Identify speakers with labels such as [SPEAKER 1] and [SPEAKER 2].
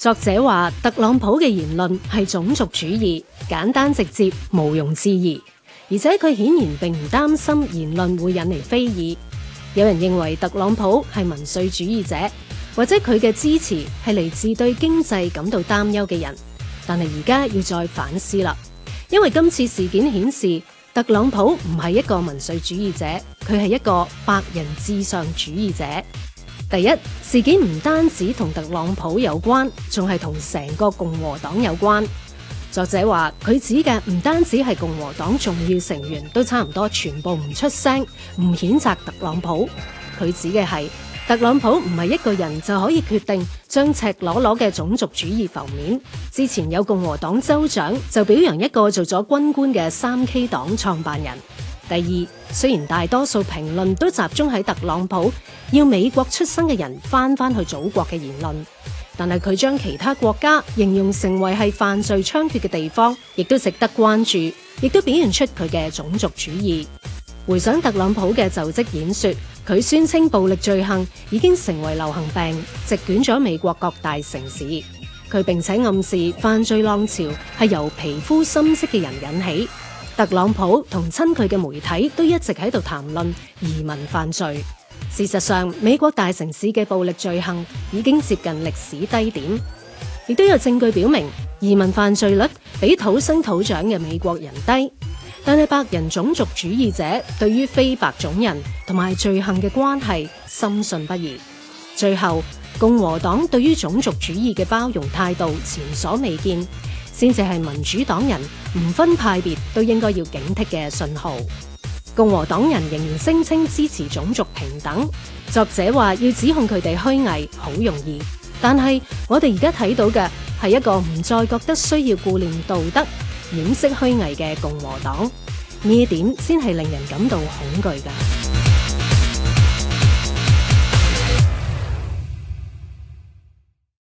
[SPEAKER 1] 作者話特朗普嘅言論係種族主義，簡單直接，毋庸置疑。而且佢顯然並唔擔心言論會引嚟非議。有人認為特朗普係民粹主義者，或者佢嘅支持係嚟自對經濟感到擔憂嘅人。但係而家要再反思啦，因為今次事件顯示特朗普唔係一個民粹主義者，佢係一個白人至上主義者。第一，事件唔單止同特朗普有關，仲係同成個共和黨有關。作者話佢指嘅唔單止係共和黨重要成員都差唔多全部唔出聲，唔譴責特朗普。佢指嘅係特朗普唔係一個人就可以決定將赤裸裸嘅種族主義浮面。之前有共和黨州長就表揚一個做咗軍官嘅三 K 黨創辦人。第二，雖然大多數評論都集中喺特朗普。要美國出生嘅人翻翻去祖國嘅言論，但係佢將其他國家形容成為係犯罪猖獗嘅地方，亦都值得關注，亦都表現出佢嘅種族主義。回想特朗普嘅就職演說，佢宣稱暴力罪行已經成為流行病，席捲咗美國各大城市。佢並且暗示犯罪浪潮係由皮膚深色嘅人引起。特朗普同親佢嘅媒體都一直喺度談論移民犯罪。事實上，美國大城市嘅暴力罪行已經接近歷史低點，亦都有證據表明移民犯罪率比土生土長嘅美國人低。但係白人種族主義者對於非白種人同埋罪行嘅關係深信不疑。最後，共和黨對於種族主義嘅包容態度前所未見，先至係民主黨人唔分派別都應該要警惕嘅信號。共和黨人仍然聲稱支持種族平等。作者話要指控佢哋虛偽好容易，但係我哋而家睇到嘅係一個唔再覺得需要顧念道德掩飾虛偽嘅共和黨，呢點先係令人感到恐懼㗎。